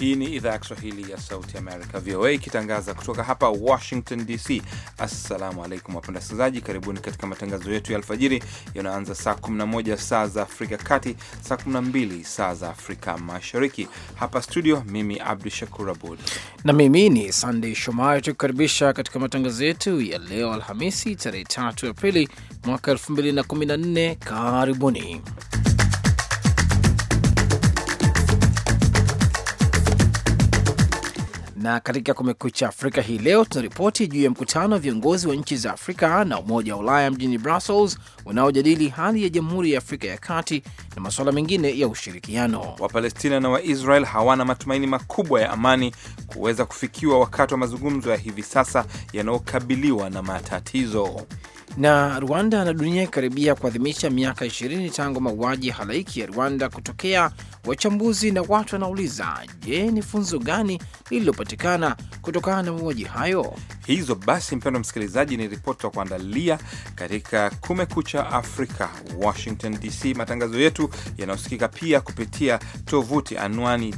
Hii ni idhaa ya Kiswahili ya Sauti Amerika, VOA, ikitangaza kutoka hapa Washington DC. Assalamu alaikum wapenda wasikilizaji, karibuni katika matangazo yetu ya alfajiri yanaanza saa 11 saa za Afrika Kati, saa 12 saa za Afrika Mashariki. Hapa studio, mimi Abdu Shakur Abud na mimi ni Sandey Shomari, tukukaribisha katika matangazo yetu ya leo Alhamisi, tarehe 3 Aprili mwaka 2014. Karibuni. Na katika Kumekucha Afrika hii leo tunaripoti juu ya mkutano wa viongozi wa nchi za Afrika na Umoja wa Ulaya mjini Brussels unaojadili hali ya Jamhuri ya Afrika ya Kati na masuala mengine ya ushirikiano. Wapalestina na Waisrael hawana matumaini makubwa ya amani kuweza kufikiwa wakati wa mazungumzo ya hivi sasa yanayokabiliwa na matatizo. Na Rwanda na dunia ikaribia kuadhimisha miaka 20 tangu mauaji ya halaiki ya Rwanda kutokea, wachambuzi na watu wanauliza, je, ni funzo gani lililopatikana kutokana na mauaji hayo? Hizo basi, mpendwa msikilizaji, ni ripoti wa kuandalia katika Kumekucha Afrika, Washington DC. Matangazo yetu yanayosikika pia kupitia tovuti anwani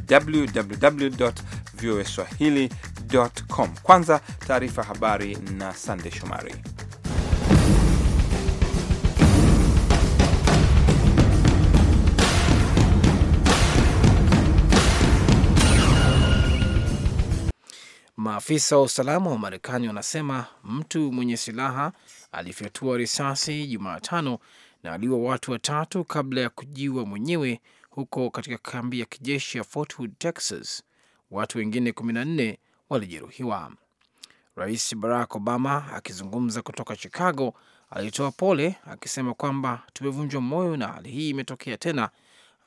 com. Kwanza taarifa habari na Sande Shomari. Maafisa wa usalama wa Marekani wanasema mtu mwenye silaha alifyatua risasi Jumatano na aliwa watu watatu kabla ya kujiwa mwenyewe huko katika kambi ya kijeshi ya Fort Hood, Texas. Watu wengine 14 walijeruhiwa. Rais Barack Obama akizungumza kutoka Chicago alitoa pole akisema kwamba tumevunjwa moyo na hali hii imetokea tena.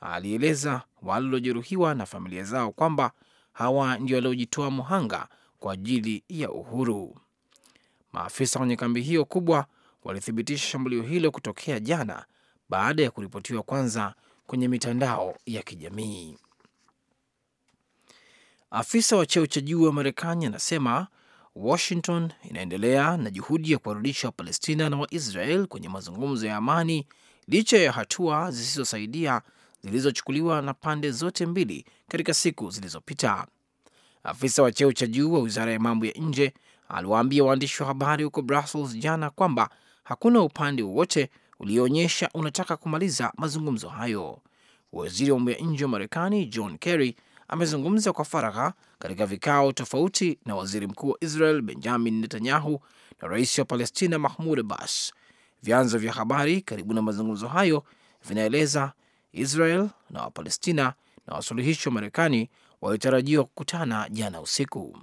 Alieleza walilojeruhiwa na familia zao kwamba hawa ndio waliojitoa muhanga kwa ajili ya uhuru. Maafisa kwenye kambi hiyo kubwa walithibitisha shambulio hilo kutokea jana baada ya kuripotiwa kwanza kwenye mitandao ya kijamii. Afisa wa cheo cha juu wa Marekani anasema Washington inaendelea na juhudi ya kuwarudisha Wapalestina na Waisrael kwenye mazungumzo ya amani licha ya hatua zisizosaidia zilizochukuliwa na pande zote mbili katika siku zilizopita. Afisa wa cheo cha juu wa wizara ya mambo ya nje aliwaambia waandishi wa habari huko Brussels jana kwamba hakuna upande wowote ulioonyesha unataka kumaliza mazungumzo hayo. Waziri wa mambo ya nje wa Marekani John Kerry amezungumza kwa faragha katika vikao tofauti na waziri mkuu wa Israel Benjamin Netanyahu na rais wa Palestina Mahmud Abbas. Vyanzo vya habari karibu na mazungumzo hayo vinaeleza Israel na Wapalestina na wasuluhishi wa Marekani walitarajiwa kukutana jana usiku.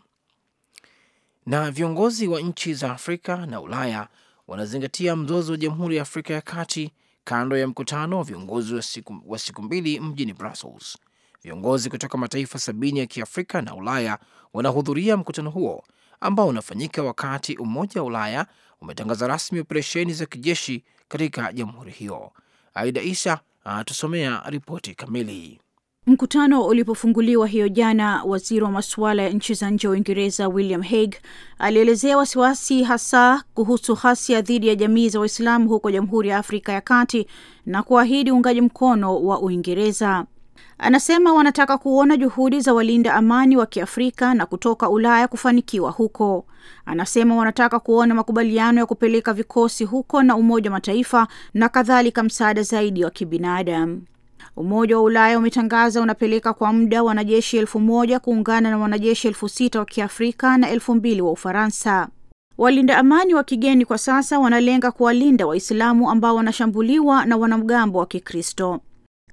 Na viongozi wa nchi za Afrika na Ulaya wanazingatia mzozo wa Jamhuri ya Afrika ya Kati kando ya mkutano wa viongozi wa siku, wa siku mbili mjini Brussels. Viongozi kutoka mataifa sabini ya Kiafrika na Ulaya wanahudhuria mkutano huo ambao unafanyika wakati Umoja wa Ulaya umetangaza rasmi operesheni za kijeshi katika jamhuri hiyo. Aida Isa anatusomea ripoti kamili. Mkutano ulipofunguliwa hiyo jana, waziri wa masuala ya nchi za nje wa Uingereza William Hague alielezea wasiwasi hasa kuhusu ghasia dhidi ya jamii za Waislamu huko Jamhuri ya Afrika ya Kati na kuahidi uungaji mkono wa Uingereza. Anasema wanataka kuona juhudi za walinda amani wa Kiafrika na kutoka Ulaya kufanikiwa huko. Anasema wanataka kuona makubaliano ya kupeleka vikosi huko na Umoja wa Mataifa na kadhalika, msaada zaidi wa kibinadamu. Umoja wa Ulaya umetangaza unapeleka kwa muda wanajeshi elfu moja kuungana na wanajeshi elfu sita wa Kiafrika na elfu mbili wa Ufaransa. Walinda amani wa kigeni kwa sasa wanalenga kuwalinda Waislamu ambao wanashambuliwa na wanamgambo wa Kikristo.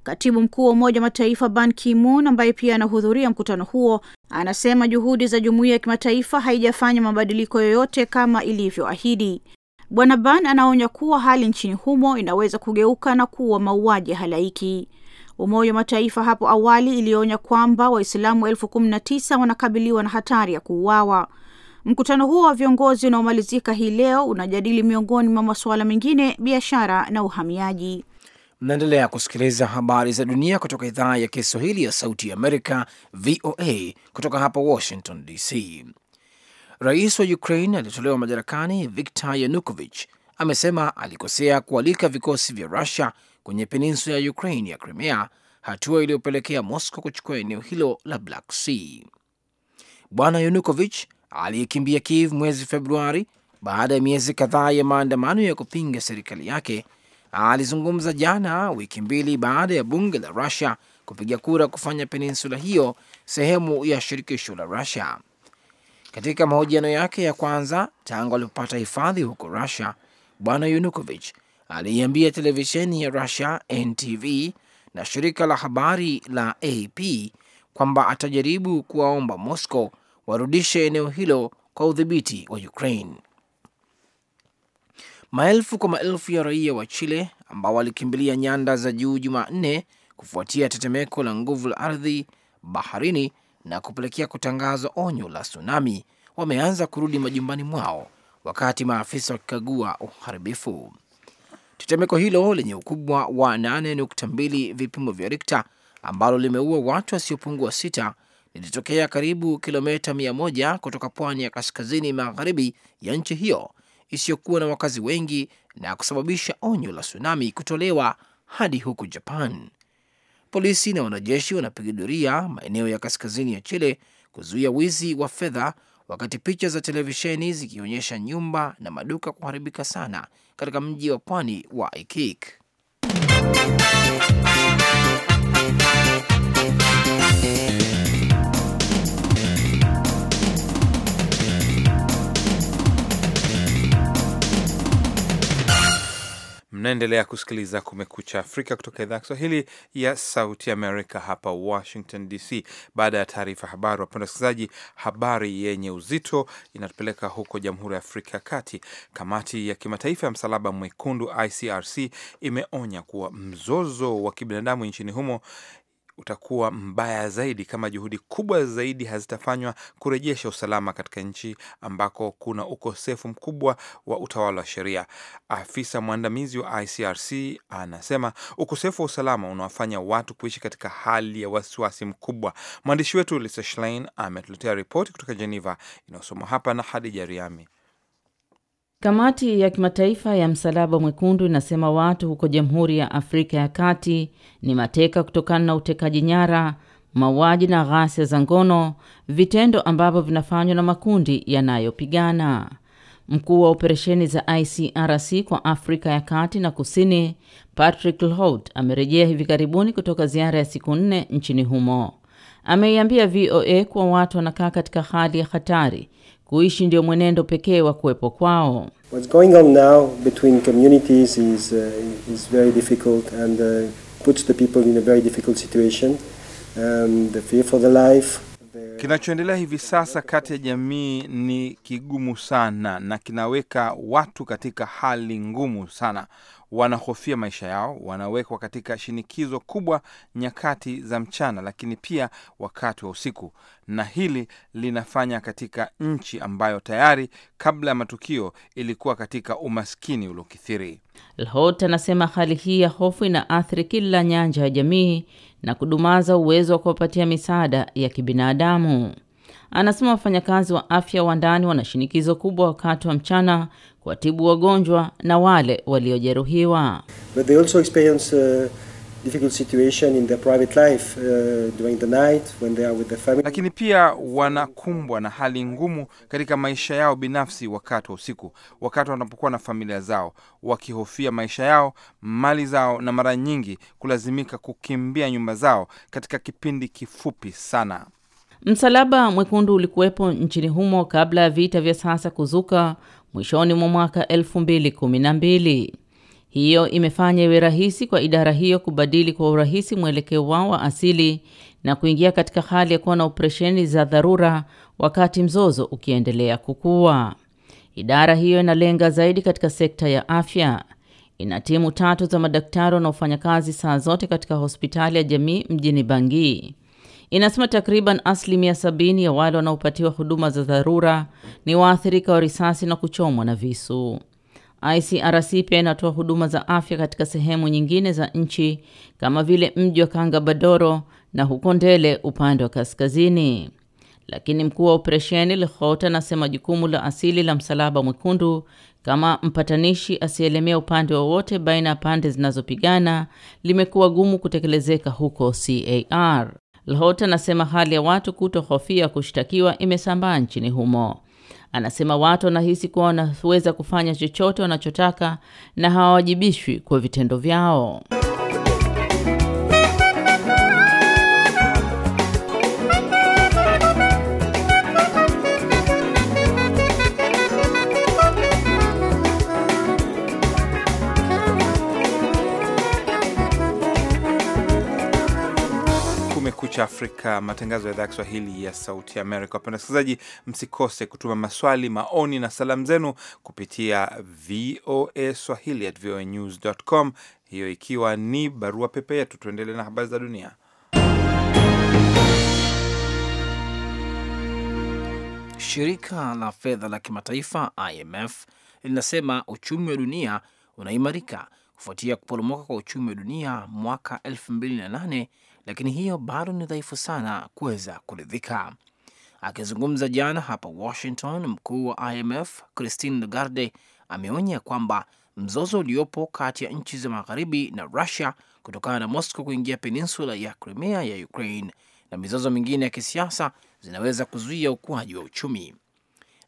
Katibu mkuu wa Umoja wa Mataifa Ban Ki-moon ambaye pia anahudhuria mkutano huo anasema juhudi za jumuiya ya kimataifa haijafanya mabadiliko yoyote kama ilivyoahidi. Bwana Ban anaonya kuwa hali nchini humo inaweza kugeuka na kuwa mauaji halaiki. Umoja wa Mataifa hapo awali ilionya kwamba Waislamu elfu kumi na tisa wanakabiliwa na hatari ya kuuawa. Mkutano huo wa viongozi unaomalizika hii leo unajadili miongoni mwa masuala mengine, biashara na uhamiaji. Mnaendelea kusikiliza habari za dunia kutoka idhaa ya Kiswahili ya Sauti ya Amerika, VOA, kutoka hapa Washington DC. Rais wa Ukraine aliyetolewa madarakani Viktor Yanukovich amesema alikosea kualika vikosi vya Rusia kwenye peninsula ya Ukraine ya Crimea, hatua iliyopelekea Moscow kuchukua eneo hilo la Black Sea. Bwana yunukovich aliyekimbia Kiev mwezi Februari baada ya miezi kadhaa ya maandamano ya kupinga serikali yake alizungumza jana, wiki mbili baada ya bunge la Rusia kupiga kura kufanya peninsula hiyo sehemu ya shirikisho la Rusia. Katika mahojiano yake ya kwanza tangu alipopata hifadhi huko Rusia, Bwana Yanukovych aliiambia televisheni ya Russia NTV na shirika la habari la AP kwamba atajaribu kuwaomba Moscow warudishe eneo hilo kwa udhibiti wa Ukraine. Maelfu kwa maelfu ya raia wa Chile ambao walikimbilia nyanda za juu Jumanne kufuatia tetemeko la nguvu la ardhi baharini na kupelekea kutangazwa onyo la tsunami wameanza kurudi majumbani mwao wakati maafisa wakikagua uharibifu. Tetemeko hilo lenye ukubwa wa 8.2 vipimo vya Rikta ambalo limeua watu wasiopungua sita lilitokea karibu kilomita 100 kutoka pwani ya kaskazini magharibi ya nchi hiyo isiyokuwa na wakazi wengi na kusababisha onyo la tsunami kutolewa hadi huku Japan. Polisi na wanajeshi wanapiga doria maeneo ya kaskazini ya Chile kuzuia wizi wa fedha wakati picha za televisheni zikionyesha nyumba na maduka kuharibika sana katika mji wa pwani wa Ikik. Mnaendelea kusikiliza Kumekucha Afrika kutoka idhaa ya Kiswahili ya Sauti Amerika hapa Washington DC. Baada ya taarifa habari, wapenda wasikilizaji, habari yenye uzito inatupeleka huko Jamhuri ya Afrika ya Kati. Kamati ya Kimataifa ya Msalaba Mwekundu ICRC imeonya kuwa mzozo wa kibinadamu nchini humo utakuwa mbaya zaidi kama juhudi kubwa zaidi hazitafanywa kurejesha usalama katika nchi ambako kuna ukosefu mkubwa wa utawala wa sheria. Afisa mwandamizi wa ICRC anasema ukosefu wa usalama unawafanya watu kuishi katika hali ya wasiwasi mkubwa. Mwandishi wetu Lisa Schlein ametuletea ripoti kutoka Geneva inayosomwa hapa na Hadija Riami. Kamati ya Kimataifa ya Msalaba Mwekundu inasema watu huko Jamhuri ya Afrika ya Kati ni mateka kutokana na utekaji nyara, mauaji na ghasia za ngono, vitendo ambavyo vinafanywa na makundi yanayopigana. Mkuu wa operesheni za ICRC kwa Afrika ya Kati na Kusini, Patrick Lhout, amerejea hivi karibuni kutoka ziara ya siku nne nchini humo. Ameiambia VOA kuwa watu wanakaa katika hali ya hatari Kuishi ndio mwenendo pekee wa kuwepo kwao. What's going on now between communities is, uh, is very difficult and uh, puts the people in a very difficult situation. Um, the fear for the life Kinachoendelea hivi sasa kati ya jamii ni kigumu sana, na kinaweka watu katika hali ngumu sana. Wanahofia maisha yao, wanawekwa katika shinikizo kubwa nyakati za mchana, lakini pia wakati wa usiku, na hili linafanya katika nchi ambayo tayari kabla ya matukio ilikuwa katika umaskini uliokithiri. Lhot anasema hali hii ya hofu inaathiri kila nyanja ya jamii na kudumaza uwezo wa kuwapatia misaada ya kibinadamu. Anasema wafanyakazi wa afya wa ndani wana shinikizo kubwa wakati wa mchana kuwatibu wagonjwa na wale waliojeruhiwa. But they also experience, uh difficult situation in their private life uh, during the night when they are with the family. Lakini pia wanakumbwa na hali ngumu katika maisha yao binafsi wakati wa usiku, wakati wanapokuwa na familia zao, wakihofia maisha yao, mali zao, na mara nyingi kulazimika kukimbia nyumba zao katika kipindi kifupi sana. Msalaba Mwekundu ulikuwepo nchini humo kabla ya vita vya sasa kuzuka mwishoni mwa mwaka 2012. Hiyo imefanya iwe rahisi kwa idara hiyo kubadili kwa urahisi mwelekeo wao wa asili na kuingia katika hali ya kuwa na operesheni za dharura wakati mzozo ukiendelea kukua. Idara hiyo inalenga zaidi katika sekta ya afya. Ina timu tatu za madaktari wanaofanya kazi saa zote katika hospitali ya jamii mjini Bangi. Inasema takriban asilimia sabini ya wale wanaopatiwa huduma za dharura ni waathirika wa risasi na kuchomwa na visu. ICRC pia inatoa huduma za afya katika sehemu nyingine za nchi kama vile mji wa Kanga Badoro na huko Ndele upande wa kaskazini. Lakini mkuu wa operesheni Lekhout anasema jukumu la asili la Msalaba Mwekundu kama mpatanishi asielemea upande wowote baina ya pande zinazopigana limekuwa gumu kutekelezeka huko CAR. Lekhout anasema hali ya watu kutohofia kushtakiwa imesambaa nchini humo. Anasema watu wanahisi kuwa wanaweza kufanya chochote wanachotaka na hawawajibishwi kwa vitendo vyao. Afrika, matangazo ya idhaa ya Kiswahili ya Sauti ya Amerika. Wapenda wasikilizaji, msikose kutuma maswali, maoni na salamu zenu kupitia VOA Swahili at voa news com, hiyo ikiwa ni barua pepe yetu. Tuendelee na habari za dunia. Shirika la fedha la kimataifa IMF linasema uchumi wa dunia unaimarika kufuatia kuporomoka kwa uchumi wa dunia mwaka 2008 lakini hiyo bado ni dhaifu sana kuweza kuridhika. Akizungumza jana hapa Washington, mkuu wa IMF Christine Lagarde ameonya kwamba mzozo uliopo kati ya nchi za magharibi na Russia kutokana na Moscow kuingia peninsula ya Crimea ya Ukraine na mizozo mingine ya kisiasa zinaweza kuzuia ukuaji wa uchumi.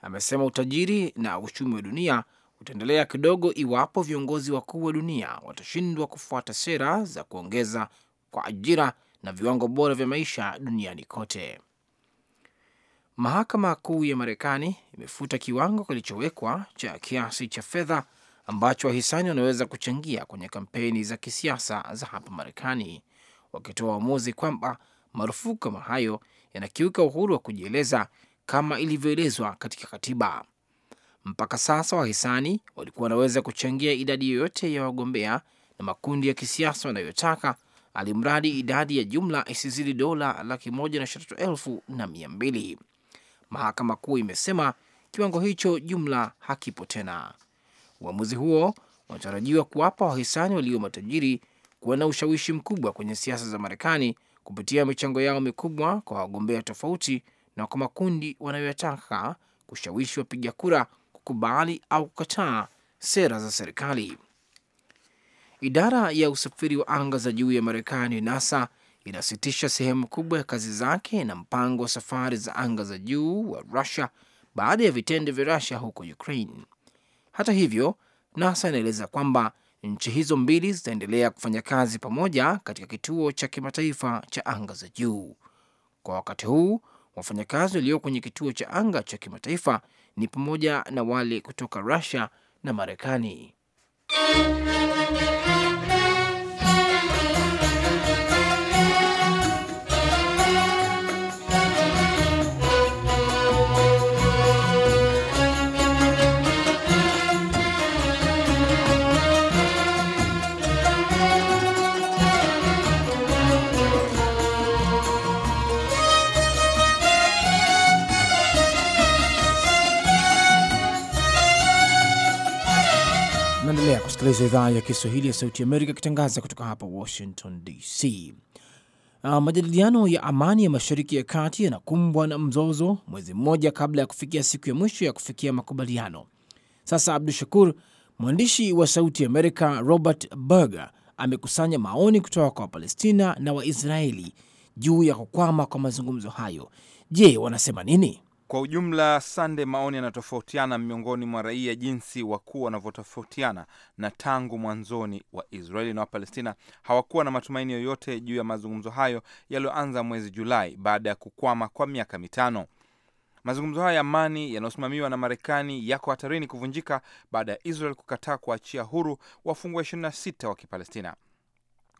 Amesema utajiri na uchumi wa dunia utaendelea kidogo iwapo viongozi wakuu wa dunia watashindwa kufuata sera za kuongeza kwa ajira na viwango bora vya maisha duniani kote. Mahakama Kuu ya Marekani imefuta kiwango kilichowekwa cha kiasi cha fedha ambacho wahisani wanaweza kuchangia kwenye kampeni za kisiasa za hapa Marekani, wakitoa uamuzi kwamba marufuku kama hayo yanakiuka uhuru wa kujieleza kama ilivyoelezwa katika katiba. Mpaka sasa wahisani walikuwa wanaweza kuchangia idadi yoyote ya wagombea na makundi ya kisiasa wanayotaka alimradi idadi ya jumla isizidi dola laki moja na ishirini elfu na mia mbili. Mahakama Kuu imesema kiwango hicho jumla hakipo tena. Uamuzi huo unatarajiwa kuwapa wahisani walio matajiri kuwa na ushawishi mkubwa kwenye siasa za Marekani kupitia michango yao mikubwa kwa wagombea tofauti na kwa makundi wanayoyataka kushawishi wapiga kura kukubali au kukataa sera za serikali. Idara ya usafiri wa anga za juu ya Marekani, NASA, inasitisha sehemu kubwa ya kazi zake na mpango wa safari za anga za juu wa Rusia baada ya vitendo vya Rusia huko Ukraine. Hata hivyo, NASA inaeleza kwamba nchi hizo mbili zitaendelea kufanya kazi pamoja katika kituo cha kimataifa cha anga za juu. Kwa wakati huu, wafanyakazi walio kwenye kituo cha anga cha kimataifa ni pamoja na wale kutoka Rusia na Marekani. Musik Matangazo idhaa ya Kiswahili ya Sauti Amerika ikitangaza kutoka hapa Washington DC. Uh, ah, majadiliano ya amani ya Mashariki ya Kati yanakumbwa na mzozo mwezi mmoja kabla ya kufikia siku ya mwisho ya kufikia makubaliano. Sasa Abdu Shakur, mwandishi wa Sauti Amerika Robert Berger amekusanya maoni kutoka kwa Wapalestina na Waisraeli juu ya kukwama kwa mazungumzo hayo. Je, wanasema nini? Kwa ujumla, Sande, maoni yanatofautiana miongoni mwa raia jinsi wakuu wanavyotofautiana. Na tangu mwanzoni, wa Israeli na Wapalestina hawakuwa na matumaini yoyote juu ya mazungumzo hayo yaliyoanza mwezi Julai baada ya kukwama kwa miaka mitano. Mazungumzo hayo ya amani yanayosimamiwa na Marekani yako hatarini kuvunjika baada ya Israel kukataa kuachia huru wafungwa 26 wa Kipalestina.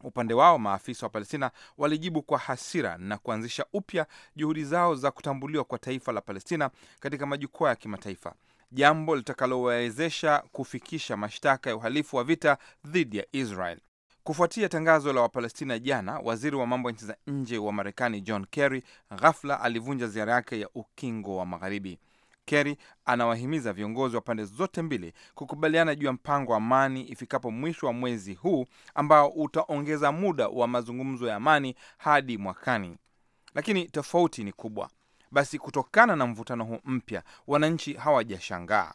Upande wao maafisa wa Palestina walijibu kwa hasira na kuanzisha upya juhudi zao za kutambuliwa kwa taifa la Palestina katika majukwaa ya kimataifa, jambo litakalowawezesha kufikisha mashtaka ya uhalifu wa vita dhidi ya Israel. Kufuatia tangazo la Wapalestina jana, waziri wa mambo ya nchi za nje wa Marekani John Kerry ghafla alivunja ziara yake ya Ukingo wa Magharibi. Kerry anawahimiza viongozi wa pande zote mbili kukubaliana juu ya mpango wa amani ifikapo mwisho wa mwezi huu ambao utaongeza muda wa mazungumzo ya amani hadi mwakani, lakini tofauti ni kubwa. Basi kutokana na mvutano huu mpya, wananchi hawajashangaa.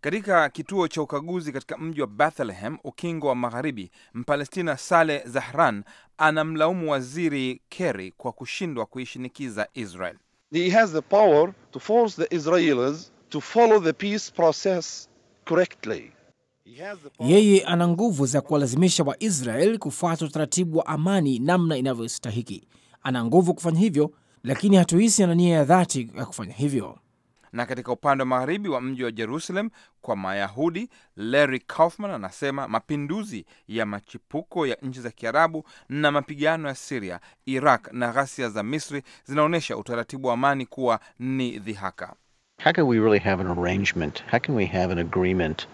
Katika kituo cha ukaguzi katika mji wa Bethlehem, ukingo wa Magharibi, Mpalestina Saleh Zahran anamlaumu waziri Kerry kwa kushindwa kuishinikiza Israel he has the power to force the Israelis to follow the peace process correctly. Yeye ana nguvu za kuwalazimisha Waisrael kufuata utaratibu wa amani namna inavyostahiki. Ana nguvu kufanya hivyo, lakini hatuhisi ana nia ya dhati ya kufanya hivyo na katika upande wa magharibi wa mji wa Jerusalem kwa Mayahudi. Larry Kaufman anasema mapinduzi ya machipuko ya nchi za Kiarabu na mapigano ya Siria, Iraq na ghasia za Misri zinaonyesha utaratibu wa amani kuwa ni dhihaka. How can we really have an arrangement? How can we have an agreement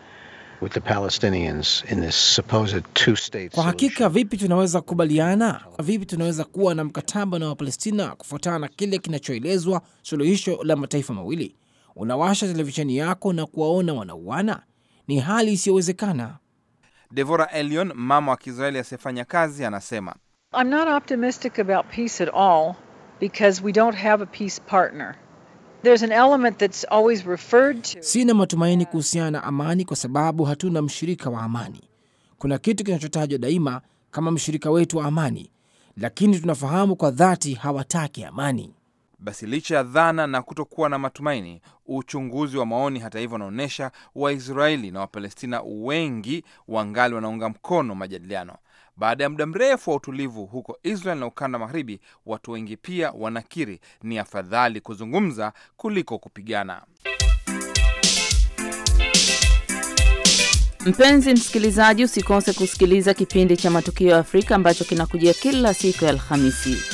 with the Palestinians in this supposed two-state Kwa hakika vipi tunaweza kukubaliana, vipi tunaweza kuwa na mkataba na Wapalestina kufuatana na kile kinachoelezwa suluhisho la mataifa mawili unawasha televisheni yako na kuwaona wanauana? Ni hali isiyowezekana. Devora Elion, mama wa Kiisraeli asiyefanya kazi, anasema I'm not optimistic about peace at all because we don't have a peace partner. There's an element that's always referred to. Sina matumaini kuhusiana na amani kwa sababu hatuna mshirika wa amani. Kuna kitu kinachotajwa daima kama mshirika wetu wa amani, lakini tunafahamu kwa dhati hawataki amani. Basi licha ya dhana na kutokuwa na matumaini, uchunguzi wa maoni hata hivyo unaonyesha Waisraeli na Wapalestina wengi wangali wanaunga mkono majadiliano. Baada ya muda mrefu wa utulivu huko Israel na ukanda magharibi, watu wengi pia wanakiri ni afadhali kuzungumza kuliko kupigana. Mpenzi msikilizaji, usikose kusikiliza kipindi cha Matukio ya Afrika ambacho kinakujia kila siku ya Alhamisi.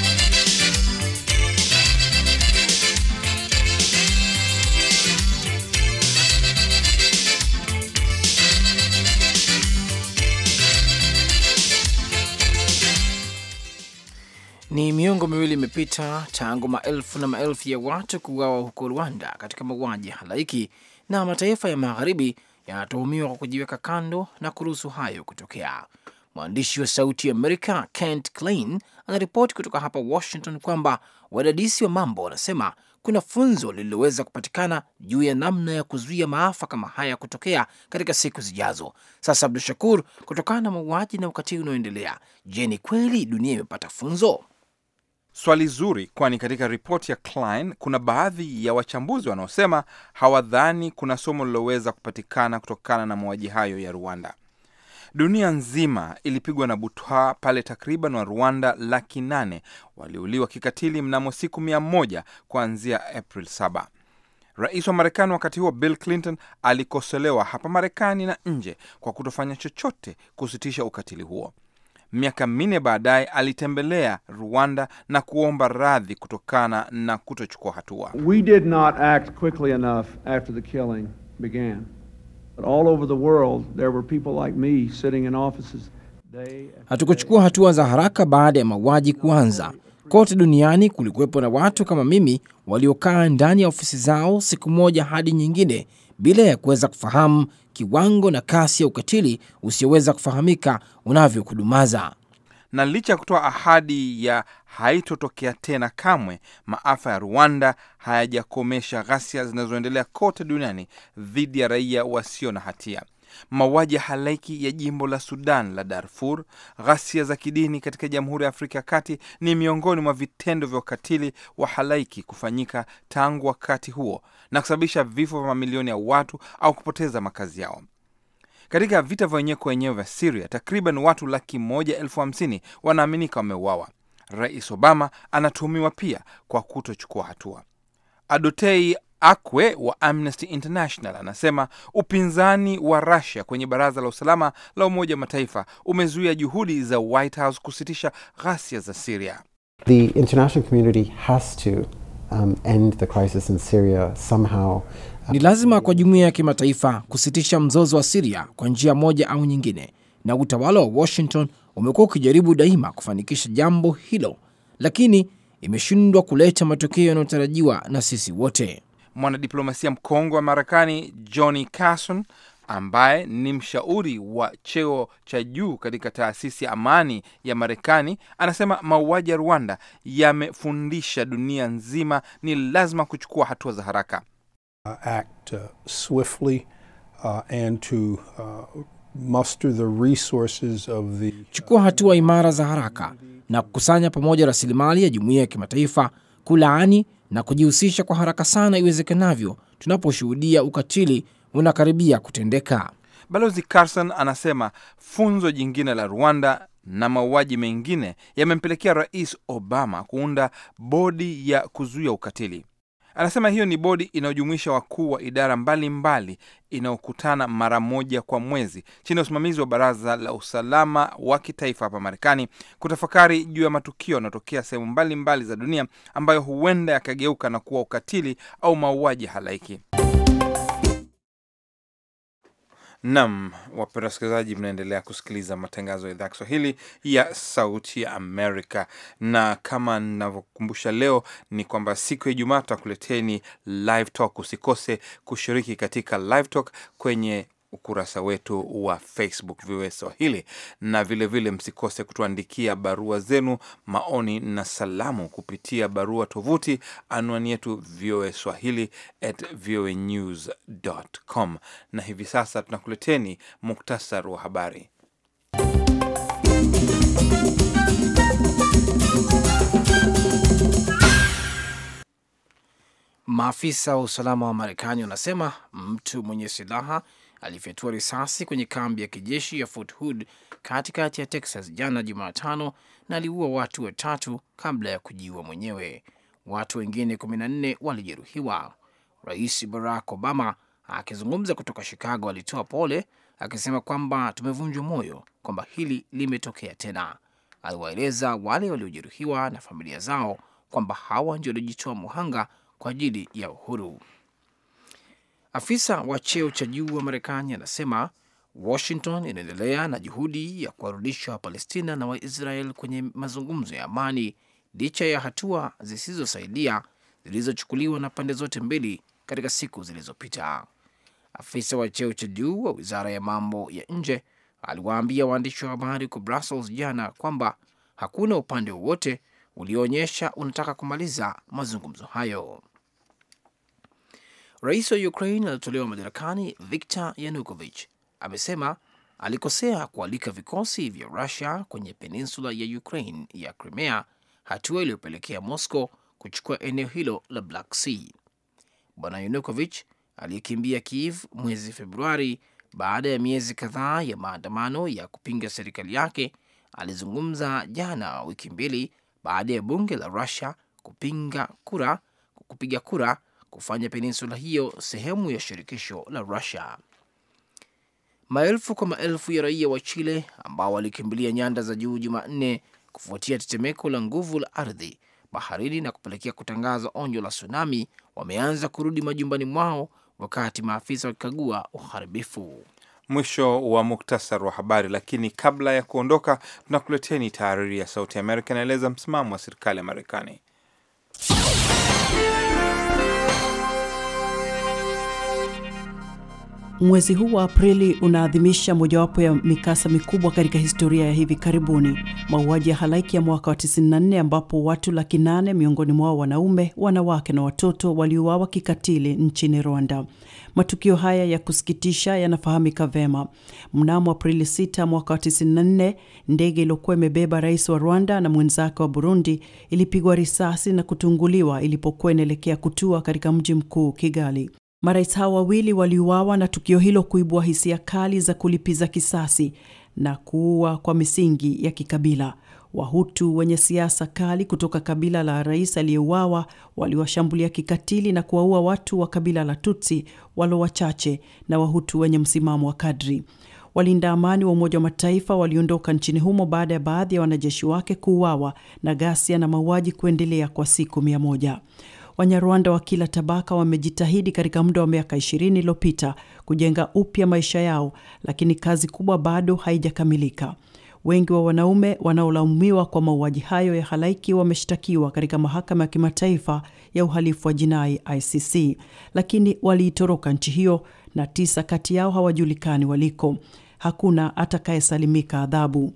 Ni miongo miwili imepita tangu maelfu na maelfu ya watu kuuawa huko Rwanda katika mauaji ya halaiki, na mataifa ya magharibi yanatuhumiwa kwa kujiweka kando na kuruhusu hayo kutokea. Mwandishi wa Sauti ya Amerika Kent Klein anaripoti kutoka hapa Washington kwamba wadadisi wa mambo wanasema kuna funzo lililoweza kupatikana juu ya namna ya kuzuia maafa kama haya kutokea katika siku zijazo. Sasa Abdu Shakur, kutokana na mauaji na ukatili unaoendelea, je, ni kweli dunia imepata funzo? Swali zuri, kwani katika ripoti ya Klein kuna baadhi ya wachambuzi wanaosema hawadhani kuna somo liloweza kupatikana kutokana na mauaji hayo ya Rwanda. Dunia nzima ilipigwa na butwa pale takriban wa Rwanda laki nane waliuliwa kikatili mnamo siku mia moja kuanzia April saba. Rais wa Marekani wakati huo Bill Clinton alikosolewa hapa Marekani na nje kwa kutofanya chochote kusitisha ukatili huo miaka minne baadaye alitembelea Rwanda na kuomba radhi kutokana na kutochukua hatua. We did not act quickly enough after the killing began. But all over the world there were people like me sitting in offices. Hatukuchukua hatua za haraka baada ya mauaji kuanza. Kote duniani kulikuwepo na watu kama mimi waliokaa ndani ya ofisi zao siku moja hadi nyingine bila ya kuweza kufahamu kiwango na kasi ya ukatili usioweza kufahamika unavyokudumaza. Na licha ya kutoa ahadi ya haitotokea tena kamwe, maafa ya Rwanda hayajakomesha ghasia zinazoendelea kote duniani dhidi ya raia wasio na hatia mauaji ya halaiki ya jimbo la Sudan la Darfur, ghasia za kidini katika Jamhuri ya Afrika ya Kati ni miongoni mwa vitendo vya ukatili wa halaiki kufanyika tangu wakati huo na kusababisha vifo vya mamilioni ya watu au kupoteza makazi yao. Katika vita vya wenyewe kwa wenyewe vya Siria, takriban watu laki moja elfu hamsini wanaaminika wameuawa. Rais Obama anatuhumiwa pia kwa kutochukua hatua. Adotei Akwe wa Amnesty International anasema upinzani wa Russia kwenye Baraza la Usalama la Umoja wa Mataifa umezuia juhudi za White House kusitisha ghasia za Syria. The international community has to um, end the crisis in Syria somehow. Ni lazima kwa jumuiya ya kimataifa kusitisha mzozo wa Syria kwa njia moja au nyingine, na utawala wa Washington umekuwa ukijaribu daima kufanikisha jambo hilo, lakini imeshindwa kuleta matokeo yanayotarajiwa na sisi wote mwanadiplomasia mkongwe wa Marekani Johnny Carson ambaye ni mshauri wa cheo cha juu katika taasisi ya amani ya Marekani anasema mauaji ya Rwanda yamefundisha dunia nzima ni lazima kuchukua hatua za haraka. Uh, act, uh, swiftly, uh, and to, uh, muster the resources of the... Uh, chukua hatua imara za haraka na kukusanya pamoja rasilimali ya jumuiya ya kimataifa kulaani na kujihusisha kwa haraka sana iwezekanavyo tunaposhuhudia ukatili unakaribia kutendeka. Balozi Carson anasema funzo jingine la Rwanda na mauaji mengine yamempelekea Rais Obama kuunda bodi ya kuzuia ukatili. Anasema hiyo ni bodi inayojumuisha wakuu wa idara mbalimbali inayokutana mara moja kwa mwezi chini ya usimamizi wa Baraza la Usalama wa Kitaifa hapa Marekani, kutafakari juu ya matukio yanayotokea sehemu mbalimbali za dunia ambayo huenda yakageuka na kuwa ukatili au mauaji halaiki. Nam, wapenda wasikilizaji, mnaendelea kusikiliza matangazo ya idhaa ya Kiswahili ya Sauti ya Amerika, na kama ninavyokumbusha leo ni kwamba siku ya Ijumaa tutakuleteni live talk. Usikose kushiriki katika live talk kwenye ukurasa wetu wa Facebook VOA Swahili, na vilevile vile msikose kutuandikia barua zenu, maoni na salamu kupitia barua tovuti, anwani yetu VOA Swahili at voa news com. Na hivi sasa tunakuleteni muktasar wa habari. Maafisa wa usalama wa Marekani wanasema mtu mwenye silaha alifyatua risasi kwenye kambi ya kijeshi ya Fort Hood katikati ya Texas jana Jumatano na aliua watu watatu kabla ya kujiua mwenyewe. Watu wengine 14 walijeruhiwa. Rais Barack Obama akizungumza kutoka Chicago alitoa pole akisema kwamba tumevunjwa moyo kwamba hili limetokea tena. Aliwaeleza wale waliojeruhiwa na familia zao kwamba hawa ndio waliojitoa muhanga kwa ajili ya uhuru. Afisa wa cheo cha juu wa Marekani anasema Washington inaendelea na juhudi ya kuwarudisha Wapalestina na Waisrael kwenye mazungumzo ya amani licha ya hatua zisizosaidia zilizochukuliwa na pande zote mbili katika siku zilizopita. Afisa wa cheo cha juu wa wizara ya mambo ya nje aliwaambia waandishi wa habari huko Brussels jana kwamba hakuna upande wowote ulioonyesha unataka kumaliza mazungumzo hayo. Rais wa Ukraine alitolewa madarakani Viktor yanukovich amesema alikosea kualika vikosi vya Rusia kwenye peninsula ya Ukraine ya Crimea, hatua iliyopelekea Moscow kuchukua eneo hilo la Black Sea. Bwana Yanukovich aliyekimbia Kiev mwezi Februari baada ya miezi kadhaa ya maandamano ya kupinga serikali yake alizungumza jana, wiki mbili baada ya bunge la Rusia kupinga kura kupiga kura kufanya peninsula hiyo sehemu ya shirikisho la Rusia. Maelfu kwa maelfu ya raia wa Chile ambao walikimbilia nyanda za juu Jumanne kufuatia tetemeko la nguvu la ardhi baharini na kupelekea kutangaza onyo la tsunami wameanza kurudi majumbani mwao wakati maafisa wakikagua uharibifu. Mwisho wa muktasar wa habari. Lakini kabla ya kuondoka, tunakuleteni taariri ya Sauti Amerika inaeleza msimamo wa serikali ya Marekani. Mwezi huu wa Aprili unaadhimisha mojawapo ya mikasa mikubwa katika historia ya hivi karibuni, mauaji ya halaiki ya mwaka wa 94 ambapo watu laki nane miongoni mwao wanaume, wanawake na watoto waliuawa kikatili nchini Rwanda. Matukio haya ya kusikitisha yanafahamika vema. Mnamo Aprili 6 mwaka wa 94, ndege iliyokuwa imebeba rais wa Rwanda na mwenzake wa Burundi ilipigwa risasi na kutunguliwa ilipokuwa inaelekea kutua katika mji mkuu Kigali. Marais hao wawili waliuawa na tukio hilo kuibua hisia kali za kulipiza kisasi na kuua kwa misingi ya kikabila. Wahutu wenye siasa kali kutoka kabila la rais aliyeuawa waliwashambulia kikatili na kuwaua watu wa kabila la Tutsi walo wachache na Wahutu wenye msimamo wa kadri. Walinda amani wa Umoja wa Mataifa waliondoka nchini humo baada ya baadhi ya wanajeshi wake kuuawa na ghasia na mauaji kuendelea kwa siku mia moja. Wanyarwanda wa kila tabaka wamejitahidi katika muda wa miaka ishirini iliyopita kujenga upya maisha yao, lakini kazi kubwa bado haijakamilika. Wengi wa wanaume wanaolaumiwa kwa mauaji hayo ya halaiki wameshtakiwa katika mahakama ya kimataifa ya uhalifu wa jinai ICC, lakini waliitoroka nchi hiyo na tisa kati yao hawajulikani waliko. Hakuna atakayesalimika adhabu.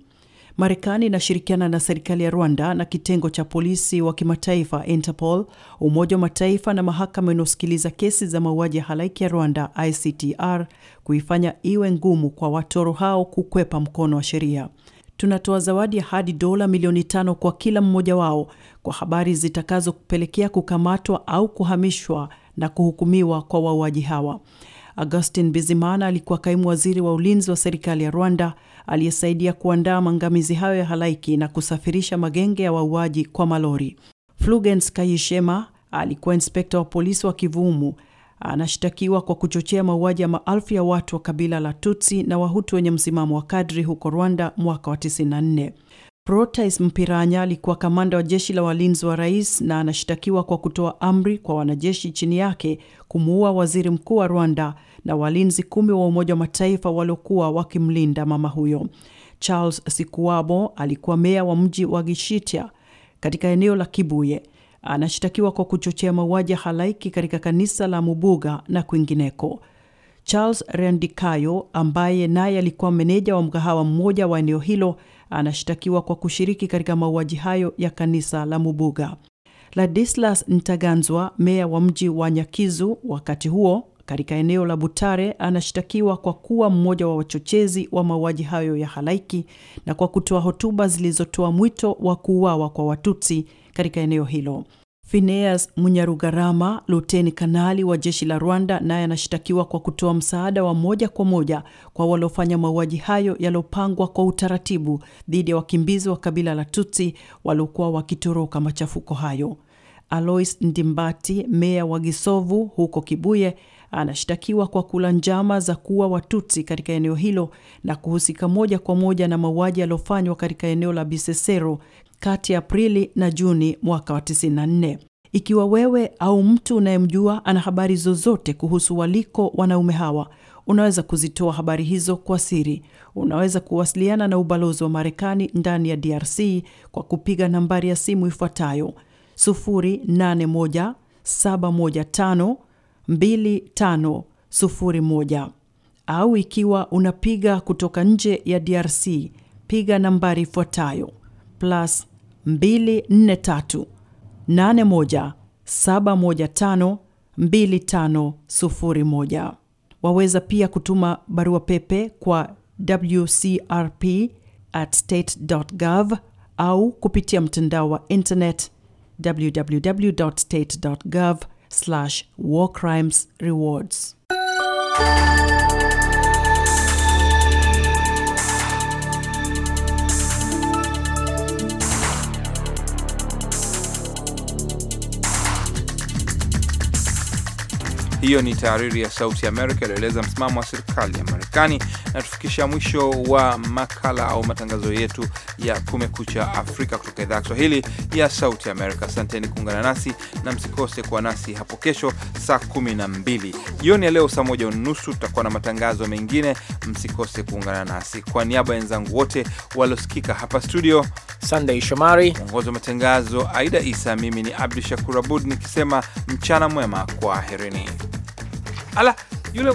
Marekani inashirikiana na serikali ya Rwanda na kitengo cha polisi wa kimataifa Interpol, Umoja wa Mataifa na mahakama inayosikiliza kesi za mauaji ya halaiki ya Rwanda ICTR kuifanya iwe ngumu kwa watoro hao kukwepa mkono wa sheria. Tunatoa zawadi ya hadi dola milioni tano kwa kila mmoja wao kwa habari zitakazopelekea kukamatwa au kuhamishwa na kuhukumiwa kwa wauaji hawa. Augustin Bizimana alikuwa kaimu waziri wa ulinzi wa serikali ya Rwanda aliyesaidia kuandaa maangamizi hayo ya halaiki na kusafirisha magenge ya wauaji kwa malori. Flugens Kayishema alikuwa inspekta wa polisi wa Kivumu. Anashtakiwa kwa kuchochea mauaji ya maalfu ya watu wa kabila la Tutsi na Wahutu wenye msimamo wa kadri huko Rwanda mwaka wa 94. protis Mpiranya alikuwa kamanda wa jeshi la walinzi wa rais na anashtakiwa kwa kutoa amri kwa wanajeshi chini yake kumuua waziri mkuu wa Rwanda na walinzi kumi wa Umoja wa Mataifa waliokuwa wakimlinda mama huyo. Charles Sikuabo alikuwa meya wa mji wa Gishitia katika eneo la Kibuye. Anashitakiwa kwa kuchochea mauaji ya halaiki katika kanisa la Mubuga na kwingineko. Charles randikayo ambaye naye alikuwa meneja wa mgahawa mmoja wa eneo hilo anashitakiwa kwa kushiriki katika mauaji hayo ya kanisa la Mubuga. Ladislas Ntaganzwa, meya wa mji wa Nyakizu wakati huo, katika eneo la Butare anashtakiwa kwa kuwa mmoja wa wachochezi wa mauaji hayo ya halaiki na kwa kutoa hotuba zilizotoa mwito wa kuuawa kwa Watutsi katika eneo hilo. Phineas Munyarugarama, luteni kanali wa jeshi la Rwanda, naye anashtakiwa kwa kutoa msaada wa moja kwa moja kwa waliofanya mauaji hayo yaliyopangwa kwa utaratibu dhidi ya wakimbizi wa kabila la Tutsi waliokuwa wakitoroka machafuko hayo. Alois Ndimbati, meya wa Gisovu huko Kibuye, anashtakiwa kwa kula njama za kuwa Watutsi katika eneo hilo na kuhusika moja kwa moja na mauaji yaliyofanywa katika eneo la Bisesero kati ya Aprili na Juni mwaka wa 94. Ikiwa wewe au mtu unayemjua ana habari zozote kuhusu waliko wanaume hawa, unaweza kuzitoa habari hizo kwa siri. Unaweza kuwasiliana na ubalozi wa Marekani ndani ya DRC kwa kupiga nambari ya simu ifuatayo 81715 2501 au ikiwa unapiga kutoka nje ya DRC piga nambari ifuatayo plus 243 81 715 2501. Waweza pia kutuma barua pepe kwa wcrp at state gov au kupitia mtandao wa internet www state gov slash war crimes rewards. Hiyo ni tahariri ya Sauti ya Amerika iliyoeleza msimamo wa serikali ya Marekani. Na tufikisha mwisho wa makala au matangazo yetu ya Kumekucha Afrika kutoka idhaa ya Kiswahili ya Sauti Amerika. Asanteni kuungana nasi na msikose kuwa nasi hapo kesho saa kumi na mbili jioni ya leo. Saa moja unusu tutakuwa na matangazo mengine, msikose kuungana nasi. Kwa niaba ya wenzangu wote waliosikika hapa studio, Sandei Shomari mwongozi wa matangazo, Aida Isa, mimi ni Abdu Shakur Abud nikisema mchana mwema, kwa herini. ala, yo no...